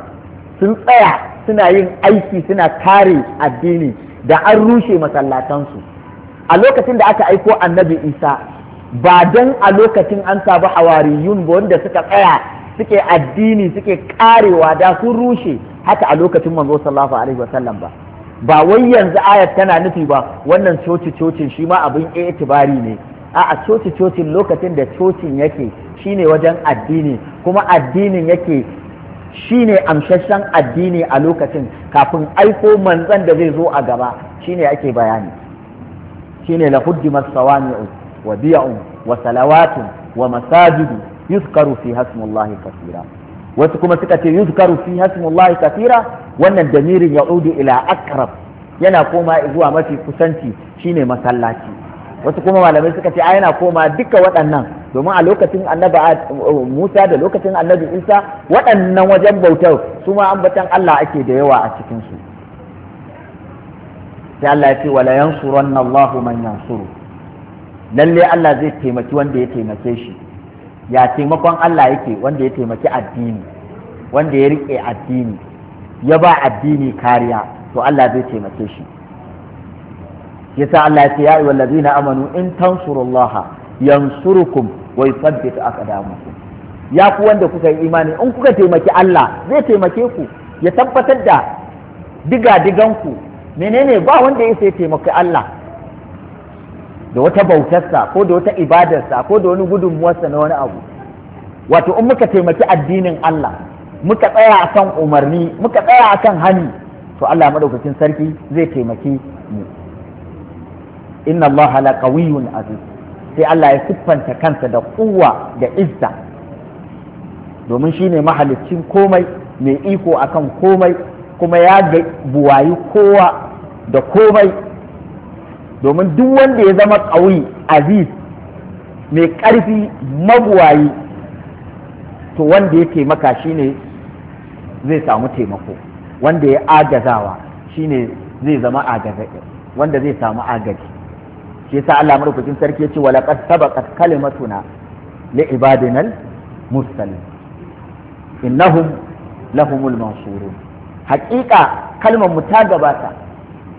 sun tsaya suna yin aiki suna kare addini da an rushe masallatansu a lokacin da aka aiko annabi isa ba don a lokacin an sabu hawariyun ba wanda suka tsaya suke addini suke karewa da sun rushe haka a lokacin manzo sallallahu alaihi wasallam ba ba wai yanzu ayat tana nufi ba wannan coci cocin shi ma abin itibari ne a coci cocin lokacin da cocin yake shine wajen addini kuma addinin yake shine amsashen addini a lokacin kafin aiko manzan da zai zo a gaba shine ake bayani shine la huddimat sawami'u wa biya'un wa salawatun wa masajidu yuzkaru fi hasmullahi kasira wasu kuma suka ce yuzkaru fi hasmullahi kasira wannan damirin ya'udu ila akrab yana koma zuwa mafi kusanci shine masallaci wasu kuma malamai suka ce ai yana koma duka waɗannan domin a lokacin annabi Musa da lokacin annabi Isa waɗannan wajen bautar su ma ambatan Allah ake da yawa a cikin su sai Allah ya ce wala yansuranna Allahu man yansuru lalle Allah zai taimaki wanda ya taimake shi ya taimakon Allah yake wanda ya taimaki addini wanda ya rike addini ya ba addini kariya to Allah zai taimake shi yasa Allah ya ce ya ayyuhal ladina amanu in tansurullaha yansurukum wa yuthabbit aqdamakum ya ku wanda kuka yi imani in kuka taimaki Allah zai taimake ku ya tabbatar da diga digan ku menene ba wanda ya taimaki Allah da wata bautarsa ko da wata ibadarsa ko da wani gudunmuwarsa na wani abu wato in muka taimaki addinin Allah muka tsaya akan umarni muka tsaya akan hani to Allah madaukakin sarki zai taimaki mu inna allaha la qawiyyun aziz sai Allah ya siffanta kansa da kuwa da izza domin shine mahalicin komai mai iko akan komai kuma ya ga buwayi kowa da komai domin duk wanda ya zama ƙauyi aziz mai ƙarfi mabuwayi to wanda ya taimaka shine zai samu taimako wanda ya agazawa shine zai zama agaza wanda zai samu agaji shi yasa Allah madaukakin sarki ya ce wala qad sabaqat kalimatuna li ibadina mursalin innahum lahumul mansurun haƙiƙa kalmar mu ta gabata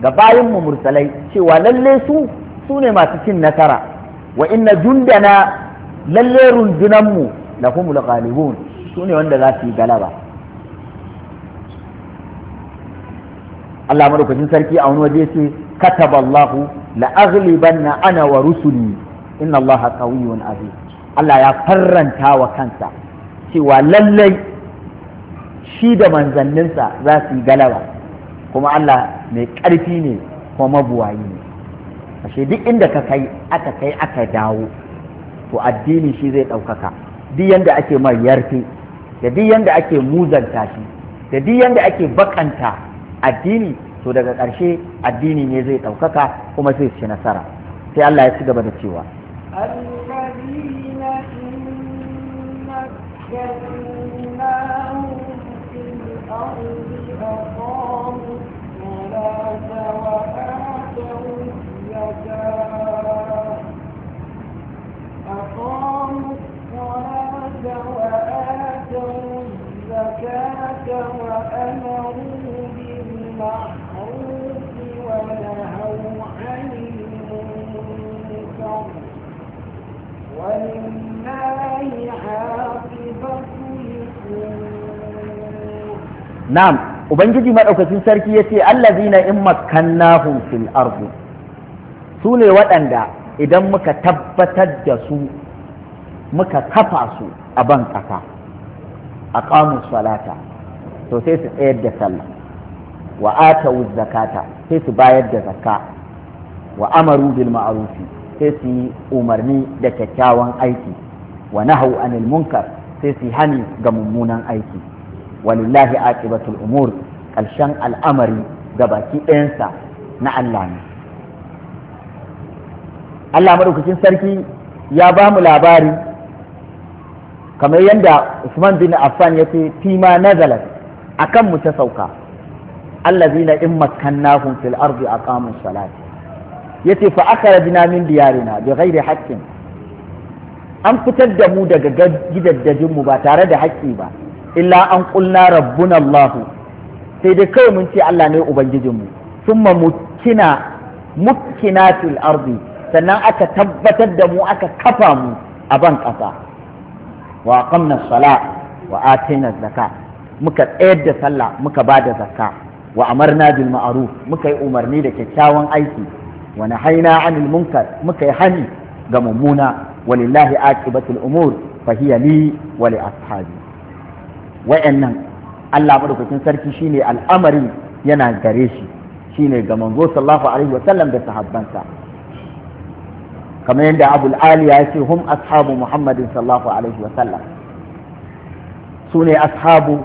ga bayan mu mursalai cewa lalle su sune masu cin nasara wa inna jundana lalle rundunan mu lahumul ghalibun Sune wanda za su yi galaba Allah madaukakin sarki a wani waje ce kataballahu la'aghlibanna ana wa rusuli inna Allah qawiyyun azim Allah ya farranta wa kansa cewa lallai shi da manzanninsa za su yi galaba kuma Allah mai ƙarfi ne kuma mabuwayi ne ashe duk inda ka kai aka kai aka dawo to addini shi zai ɗaukaka duk yanda ake mai da duk yanda ake muzanta shi da duk yanda ake bakanta addini to daga ƙarshe addini ne zai ɗaukaka kuma zai ci nasara sai Allah ya ci gaba da cewa الذين na'am ubangiji madaukakin sarki yace allazina in makkannahum fil ardi su ne waɗanda idan muka tabbatar da su muka kafa su a ban ƙasa a salata to sai su tsayar da sallah wa atawu zakata sai su bayar da zakka wa amaru bil ma'rufi sai su yi umarni da kyakkyawan aiki wa nahau anil munkar sai su hani ga mummunan aiki Wanillahi walillahi aqibatul umur ƙarshen al'amari ga baki ɗayansa na Allah ne Allah madaukakin sarki ya bamu labari kamar yadda Usman bin Affan ya ce fima nazalat akan mu ta sauka Allah allazina in makkannahum fil ardi aqamu salat yace fa akhrajna min diyarina bi ghairi an fitar da mu daga gidaddajin mu ba tare da haƙƙi ba illa an qulna rabbuna Allah sai dai kawai mun ce Allah ne ubangijinmu summa mukina mukkinatil ardi sannan aka tabbatar da mu aka kafa mu a ban ƙasa wa aqamna sala wa atayna zakka muka tsayar da sallah muka ba da zakka wa amarna bil ma'ruf muka yi umarni da kyakkyawan aiki wa nahaina anil munkar muka yi hani ga mummuna walillahi aqibatul umur fa hiya li ashabi wayannan Allah madaukakin sarki shine al'amarin yana gare shi shine ga manzo sallallahu alaihi wa sallam da sahabbansa kamar yadda abul ali ya ce hum ashabu muhammadin sallallahu alaihi wa sallam su ne ashabu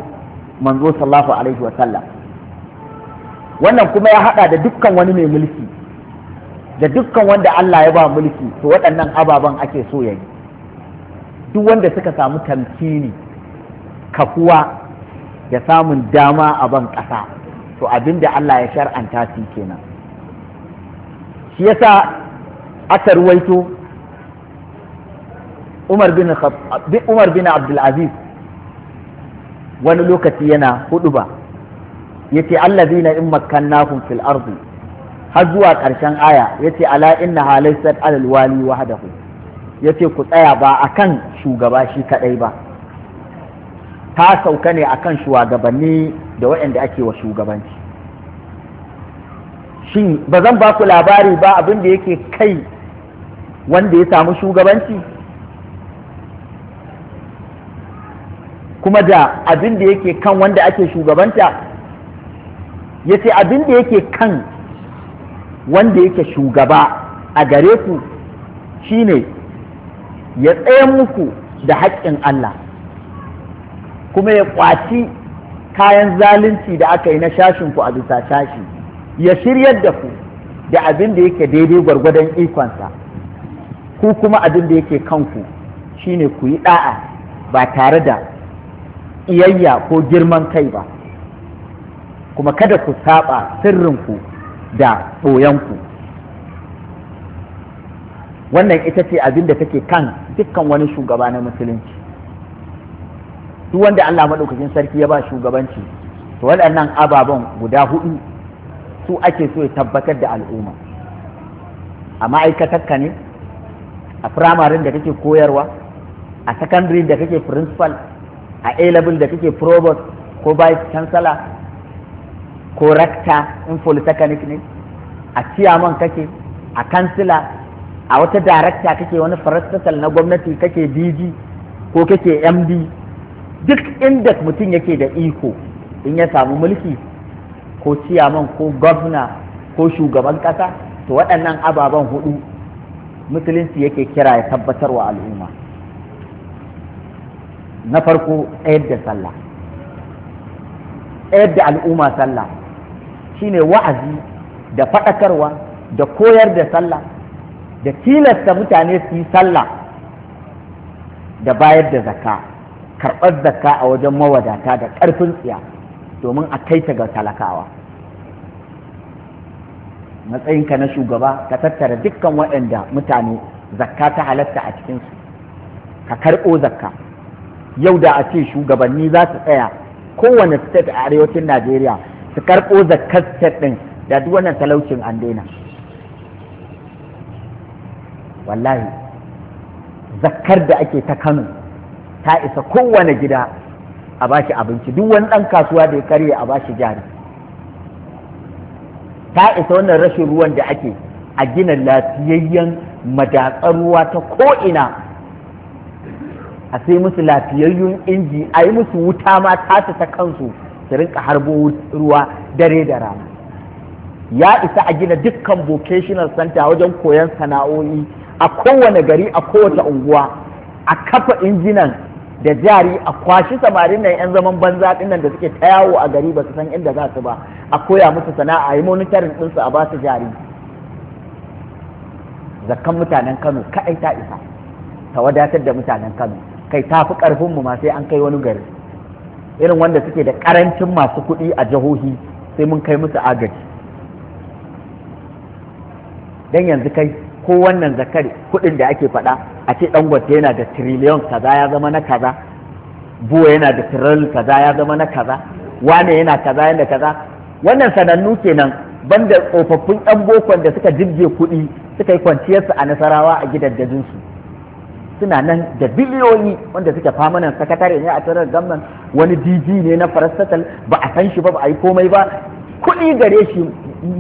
manzo sallallahu alaihi wa sallam wannan kuma ya hada da dukkan wani mai mulki da dukkan wanda Allah ya ba mulki to waɗannan ababen ake so ya yi duk wanda suka samu tamkini kafuwa ya samun dama a ban ƙasa to abin da Allah ya shar'anta shi kenan shi yasa aka ruwaito Umar bin Abdulaziz wani lokaci yana hudu ba yace allazina in makkannahum fil ardi har zuwa ƙarshen aya yace ala inna halaysat alal wali Ya ce ku tsaya ba akan shugaba shi kadai ba ta sauka ne akan shugabanni da waɗanda ake wa shugabanci shin ba zan ba ku labari ba abin da yake kai wanda ya samu shugabanci kuma da abin da yake kan wanda ake shugabanta ya ce abin da yake kan wanda yake shugaba a gare ku shine ya tsaye muku da haƙƙin Allah kuma ya kwaci kayan zalunci da aka yi na shashinku a bisa shashi ya shiryar da ku da abin da yake daidai gwargwadon ikonsa ku kuma abin da yake kanku shine ku yi da'a ba tare da iyayya ko girman kai ba kuma kada ku saba sirrinku da ɓoyanku wannan ita ce abin da take kan dukkan wani shugaba na musulunci duk wanda Allah maɗaukakin sarki ya ba shugabanci to waɗannan ababen guda hudu su ake so ya tabbatar da al'umma a ma'aikatarka ne a firamarin da kake koyarwa a sakandare da kake principal a a level da kake provost ko vice chancellor ko rector in polytechnic ne a chairman kake a kansila a wata darakta kake wani farastasal na gwamnati kake dg ko kake md duk inda mutum yake da iko in ya samu mulki ko ciyaman ko gwamna ko shugaban ƙasa to waɗannan ababen hudu musulunci yake kira ya tabbatar wa al'umma na farko tsayar da sallah tsayar da al'umma sallah shine wa'azi da faɗakarwa da koyar da sallah da tilasta mutane su yi sallah da bayar da zakka karɓar zakka a wajen mawadata da ƙarfin tsiya domin a kai ta ga talakawa matsayinka na shugaba ka tattara dukkan waɗanda mutane zakka ta halatta a cikinsu ka karɓo zakka yau da a ce shugabanni za su tsaya kowane state a arewacin najeriya su karɓo zakkar state ɗin da duk wannan talaucin an daina wallahi zakkar da ake ta kano ta isa kowane gida a bashi abinci duk wani ɗan kasuwa da ya karye a bashi jari ta isa wannan rashin ruwan da ake a gina lafiyayyen madatsar ruwa ta ko'ina a sai musu lafiyayyun inji a yi musu wuta ma tasa ta kansu su rinka harbo ruwa dare da rana ya isa a gina dukkan vocational center wajen koyon sana'o'i a kowane gari a kowace unguwa a kafa injinan da jari a kwashi samarin nan yan zaman banza dinnan da suke ta yawo a gari ba su san inda za su ba a koya musu sana'a yi monitoring ɗinsu a ba su jari zakkan mutanen kano kaɗai ta isa ta wadatar da mutanen kano kai ta fi ƙarfinmu mu ma sai an kai wani gari irin wanda suke da ƙarancin masu kuɗi a jihohi sai mun kai musu agaji dan yanzu kai ko wannan zakari kuɗin da ake faɗa a ce dangote yana da tiriliyon kaza ya zama na kaza buwa yana da tiriliyon kaza ya zama na kaza wane yana kaza yana kaza wannan sanannu kenan banda tsofaffin yan bokon da suka jirge kuɗi suka yi kwanciyarsu a nasarawa a gidan gidajensu suna nan da biliyoyi wanda suke famanan sakatare ne a tarar gamman wani dg ne na farastatal ba a san shi ba ba a yi komai ba kuɗi gare shi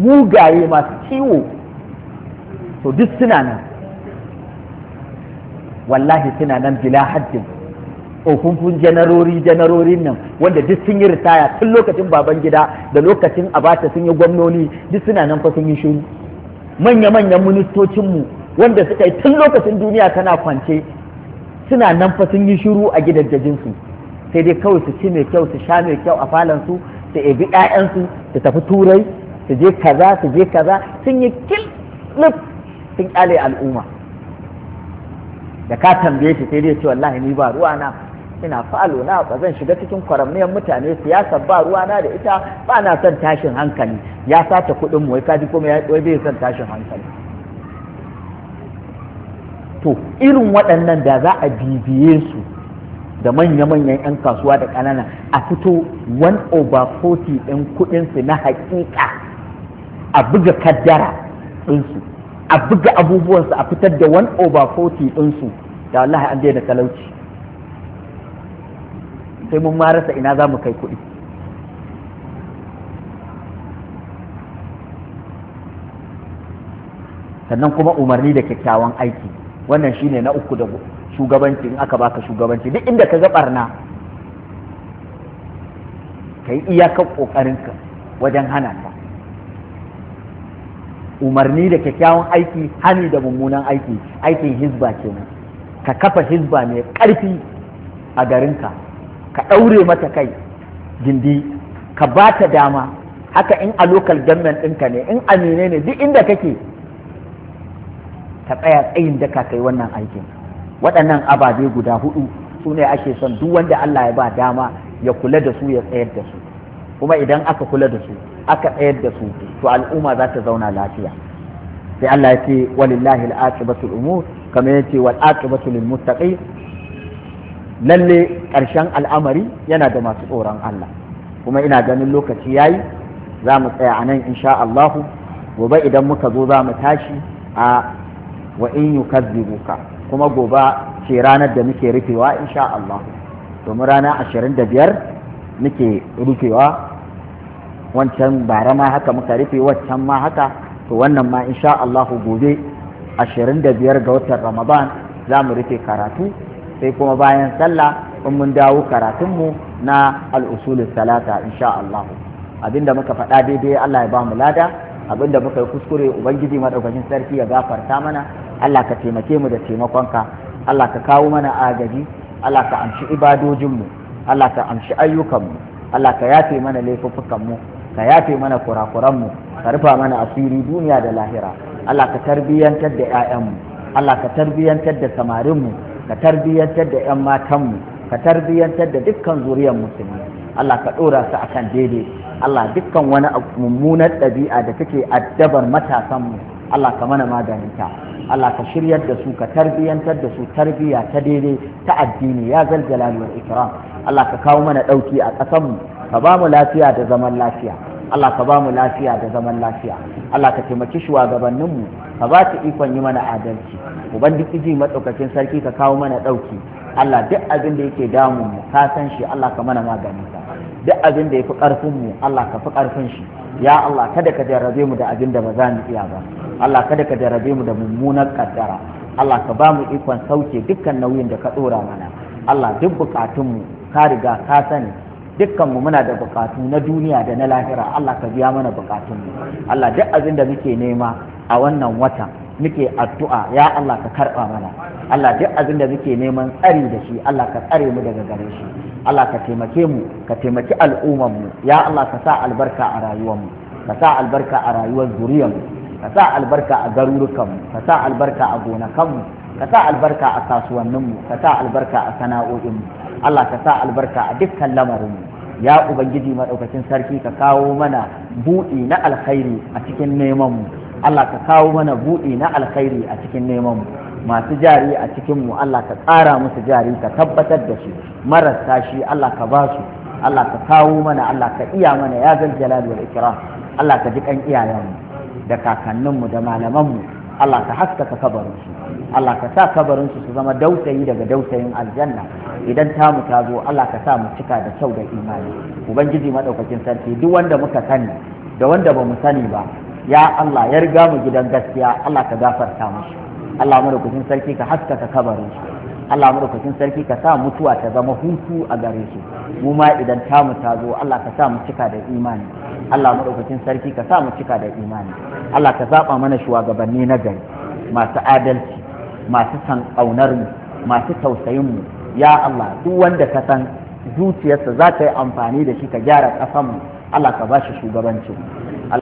mugaye masu ciwo to duk suna nan wallahi suna nan bila haddin tsofaffin janarori janarorin nan wanda duk sun yi ritaya tun lokacin baban gida da lokacin abata sun yi gwamnoni duk suna nan fa sun yi shiru manya-manyan ministocinmu wanda suka yi tun lokacin duniya tana kwance suna nan fa sun yi shiru a gidajensu sai dai kawai su ci mai kyau su sha mai kyau a falansu su ebi 'ya'yansu su tafi turai su je kaza su je kaza sun yi kilif sun kyale al'umma da ka tambaye shi sai dai ce wallahi ni ba ruwana ina falo na ba zan shiga cikin kwaramniyar mutane siyasa ba ruwa na da ita ba na son tashin hankali ya sace kuɗin mu wai kaji kuma ya wai bai son tashin hankali to irin waɗannan da za a bibiye su da manya-manyan 'yan kasuwa da ƙanana a fito 1 over 40 ɗin kuɗinsu na haƙiƙa a buga kaddara ɗinsu a buga abubuwansu a fitar da one over 40 ɗinsu da wallahi an daina talauci sai mun marasa ina zamu kai kuɗi sannan kuma umarni da kyakkyawan aiki wannan shine na uku da shugabanci in aka baka shugabanci duk inda ka ga barna ka yi iyakar ƙoƙarinka wajen hana ta umarni da kyakkyawan aiki hani da mummunan aiki aikin hizba kenan ka kafa hizba mai ƙarfi a garinka ka ɗaure mata kai gindi ka ba ta dama haka in a lokal government ɗinka ne in amine ne duk inda kake ka tsaya tsayin da ka kai wannan aikin waɗannan ababe guda hudu su ne ake son duk wanda Allah ya ba dama ya kula da su ya tsayar da su kuma idan aka kula da su aka tsayar da su to al'umma za ta zauna lafiya sai Allah ya ce walillahi al'aqibatu umur kamar yace wal aqibatu lil muttaqin lalle karshen al'amari yana da masu tsoron Allah kuma ina ganin lokaci yayi za mu tsaya a nan insha Allah gobe idan muka zo za mu tashi a wa in yukazzibuka kuma gobe ce ranar da muke rufewa insha Allah mu rana 25 muke rufewa wancan bara ma haka muka rufe wancan ma haka to wannan ma insha Allahu gobe 25 ga watan Ramadan za mu rufe karatu sai kuma bayan sallah in mun dawo karatunmu na al'usulun salata insha abinda muka faɗa daidai Allah ya ba mu lada abinda muka yi kuskure ubangiji madaukakin sarki ya gafarta mana Allah ka taimake mu da taimakonka Allah ka kawo mana agaji Allah ka amshi ibadojinmu Allah ka amshi ayyukanmu Allah ka yafe mana laifuffukanmu ka yafe mana kurakuranmu ka rufa mana asiri duniya da lahira Allah ka tarbiyyantar da 'ya'yanmu Allah ka tarbiyyantar da samarinmu ka tarbiyyantar da 'yan matanmu ka tarbiyyantar da dukkan zuriyar musulmi Allah ka ɗora su akan daidai Allah dukkan wani mummunar ɗabi'a da take addabar matasanmu Allah ka mana maganinta Allah ka shiryar da su ka tarbiyyantar da su tarbiyya ta daidai ta addini ya zal jalali wal ikram Allah ka kawo mana ɗauki a ƙasanmu ka ba mu lafiya da zaman lafiya Allah ka ba mu lafiya da zaman lafiya Allah ka taimaki shugabanninmu ka ba ta ikon yi mana adalci ubangiji matsokacin sarki ka kawo mana ɗauki Allah duk abin da yake damun mu ka san shi Allah ka mana magani ka duk abin da yafi karfin mu Allah ka fi karfin shi ya Allah kada ka jarrabe mu da abin da ba za mu iya ba Allah kada ka jarrabe mu da mummunar kaddara Allah ka ba mu ikon sauke dukkan nauyin da ka dora mana Allah duk bukatun ka riga ka sani dukkanmu muna da bukatu na duniya da na lahira Allah ka biya mana bukatunmu Allah duk abin da muke nema a wannan watan, muke addu'a ya Allah ka karba mana Allah duk abin da muke neman tsari da shi Allah ka tsare mu daga gare shi Allah ka taimake mu ka taimaki al'ummar mu ya Allah ka sa albarka a rayuwar mu ka sa albarka a rayuwar zuriyar mu ka sa albarka a garurukan mu ka sa albarka a gonakan mu ka sa albarka a kasuwannin mu ka sa albarka a sana'o'in mu Allah ka sa albarka a dukkan lamarin mu ya ubangiji maɗaukacin sarki ka kawo mana buɗi na alkhairi a cikin neman mu Allah ka kawo mana buɗi na alkhairi a cikin neman mu masu jari a cikin mu Allah ka tsara musu jari ka tabbatar da shi marasta shi Allah ka ba su Allah ka kawo mana Allah ka iya mana ya zal jalal wal ikram Allah ka ji kan iyayen mu da kakannin mu da malaman mu Allah ka haskaka kabarin su Allah ka sa kabarin su su zama dausayi daga dausayin aljanna idan mu ta zo Allah ka sa mu cika da kyau da imani ubangiji madaukakin sarki duk wanda muka sani da wanda ba mu sani ba ya Allah ya riga mu gidan gaskiya Allah ka gafarta mushi Allah madaukakin sarki ka haskaka kabarin shi Allah madaukakin sarki ka sa mutuwa ta zama hutu a gare su. mu ma idan mu ta zo Allah ka sa mu cika da imani Allah madaukakin sarki ka sa mu cika da imani Allah ka zaba mana shugabanni na gari masu adalci masu san ƙaunar mu masu tausayin mu ya Allah duk wanda ka san zuciyarsa za ta yi amfani da shi ka gyara ƙasar mu Allah ka ba shi shugabancin